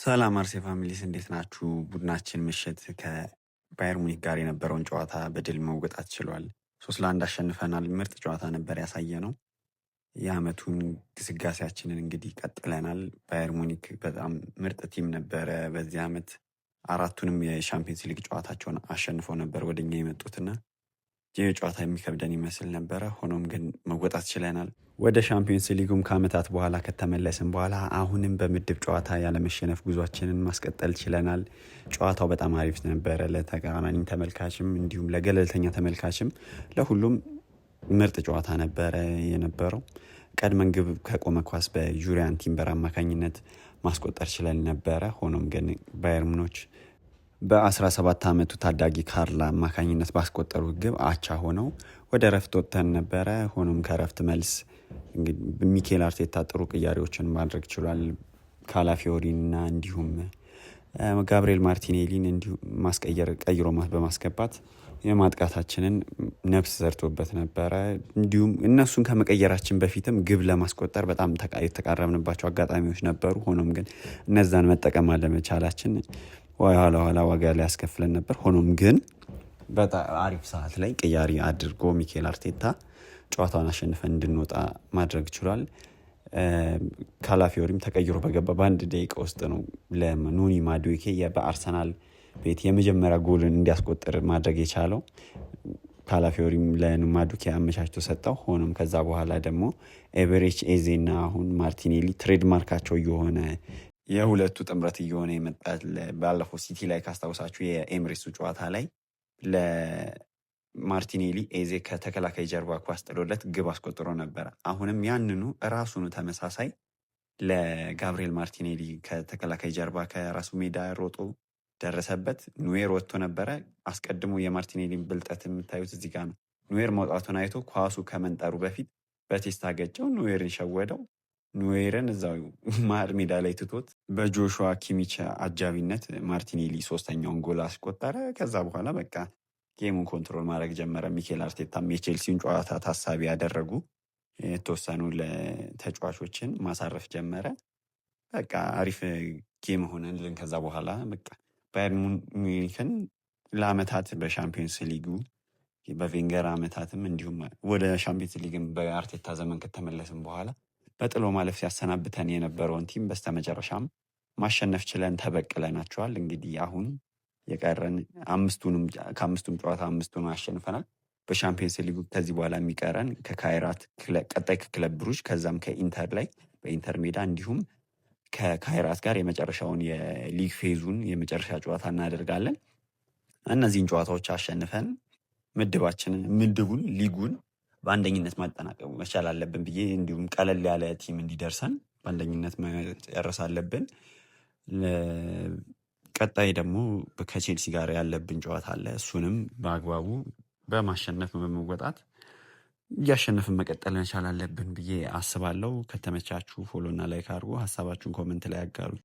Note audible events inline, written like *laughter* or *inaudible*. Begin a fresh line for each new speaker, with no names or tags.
ሰላም አርሴ ፋሚሊስ እንዴት ናችሁ? ቡድናችን ምሽት ከባየር ሙኒክ ጋር የነበረውን ጨዋታ በድል መውገጣት ችሏል። ሶስት ለአንድ አሸንፈናል። ምርጥ ጨዋታ ነበር ያሳየ ነው። የአመቱን ግስጋሴያችንን እንግዲህ ቀጥለናል። ባየር ሙኒክ በጣም ምርጥ ቲም ነበረ በዚህ አመት። አራቱንም የሻምፒየንስ ሊግ ጨዋታቸውን አሸንፈው ነበር ወደኛ የመጡትና ይህ ጨዋታ የሚከብደን ይመስል ነበረ። ሆኖም ግን መወጣት ችለናል። ወደ ሻምፒዮንስ ሊጉም ከዓመታት በኋላ ከተመለስን በኋላ አሁንም በምድብ ጨዋታ ያለመሸነፍ ጉዟችንን ማስቀጠል ችለናል። ጨዋታው በጣም አሪፍ ነበረ። ለተቃራኒ ተመልካችም እንዲሁም ለገለልተኛ ተመልካችም ለሁሉም ምርጥ ጨዋታ ነበረ የነበረው። ቀድመን ግብ ከቆመ ኳስ በዩሪያን ቲምበር አማካኝነት ማስቆጠር ችለን ነበረ። ሆኖም ግን ባየር ሙኒክ በ17 ዓመቱ ታዳጊ ካርላ አማካኝነት ባስቆጠሩ ግብ አቻ ሆነው ወደ ረፍት ወጥተን ነበረ። ሆኖም ከረፍት መልስ ሚኬል አርቴታ ጥሩ ቅያሬዎችን ማድረግ ችሏል። ካላፊዮሪንና እንዲሁም ጋብሪኤል ማርቲኔሊን እንዲሁም ማስቀየር ቀይሮ በማስገባት የማጥቃታችንን ነፍስ ዘርቶበት ነበረ። እንዲሁም እነሱን ከመቀየራችን በፊትም ግብ ለማስቆጠር በጣም የተቃረብንባቸው አጋጣሚዎች ነበሩ። ሆኖም ግን እነዛን መጠቀም አለመቻላችን ኋላ ኋላ ዋጋ ሊያስከፍለን ነበር። ሆኖም ግን በጣም አሪፍ ሰዓት ላይ ቅያሪ አድርጎ ሚኬል አርቴታ ጨዋታውን አሸንፈን እንድንወጣ ማድረግ ችሏል። ካላፊዮሪም ተቀይሮ በገባ በአንድ ደቂቃ ውስጥ ነው ለኑኒ ማዱኬ በአርሰናል ቤት የመጀመሪያ ጎልን እንዲያስቆጥር ማድረግ የቻለው ካላፊዮሪም ለማዱኬ አመቻችቶ ሰጠው። ሆኖም ከዛ በኋላ ደግሞ ኤቨሬች ኤዜና አሁን ማርቲኔሊ ትሬድማርካቸው የሆነ የሁለቱ ጥምረት እየሆነ የመጣት ባለፈው ሲቲ ላይ ካስታውሳችሁ የኤምሬሱ ጨዋታ ላይ ለማርቲኔሊ ኤዜ ከተከላካይ ጀርባ ኳስ ጥሎለት ግብ አስቆጥሮ ነበረ። አሁንም ያንኑ ራሱኑ ተመሳሳይ ለጋብሪኤል ማርቲኔሊ ከተከላካይ ጀርባ ከራሱ ሜዳ ሮጦ ደረሰበት። ኑዌር ወጥቶ ነበረ። አስቀድሞ የማርቲኔሊን ብልጠት የምታዩት እዚህ ጋር ነው። ኑዌር መውጣቱን አይቶ ኳሱ ከመንጠሩ በፊት በቴስታ ገጨው፣ ኑዌርን ሸወደው። ኑዌርን እዛው ማር *laughs* ሜዳ ላይ ትቶት በጆሹዋ ኪሚች አጃቢነት ማርቲኔሊ ሶስተኛውን ጎል አስቆጠረ። ከዛ በኋላ በቃ ጌሙን ኮንትሮል ማድረግ ጀመረ። ሚኬል አርቴታም የቼልሲውን ጨዋታ ታሳቢ ያደረጉ የተወሰኑ ተጫዋቾችን ማሳረፍ ጀመረ። በቃ አሪፍ ጌም ሆነልን። ከዛ በኋላ በቃ ባየር ሙኒክን ለአመታት በሻምፒዮንስ ሊጉ በቬንገር አመታትም እንዲሁም ወደ ሻምፒዮንስ ሊግን በአርቴታ ዘመን ከተመለስም በኋላ በጥሎ ማለፍ ሲያሰናብተን የነበረውን ቲም በስተመጨረሻም ማሸነፍ ችለን ተበቅለናቸዋል። እንግዲህ አሁን የቀረን አምስቱንም ከአምስቱም ጨዋታ አምስቱን አሸንፈናል። በሻምፒየንስ ሊጉ ከዚህ በኋላ የሚቀረን ከካይራት ቀጣይ ከክለብ ብሩጅ ከዛም ከኢንተር ላይ በኢንተር ሜዳ እንዲሁም ከካይራት ጋር የመጨረሻውን የሊግ ፌዙን የመጨረሻ ጨዋታ እናደርጋለን። እነዚህን ጨዋታዎች አሸንፈን ምድባችንን ምድቡን ሊጉን በአንደኝነት ማጠናቀቅ መቻል አለብን ብዬ እንዲሁም ቀለል ያለ ቲም እንዲደርሰን በአንደኝነት መጨረስ አለብን። ቀጣይ ደግሞ ከቼልሲ ጋር ያለብን ጨዋታ አለ። እሱንም በአግባቡ በማሸነፍ በመወጣት እያሸነፍን መቀጠል መቻል አለብን ብዬ አስባለሁ። ከተመቻችሁ ፎሎና ላይክ አድርጎ ሀሳባችሁን ኮመንት ላይ ያጋሩ።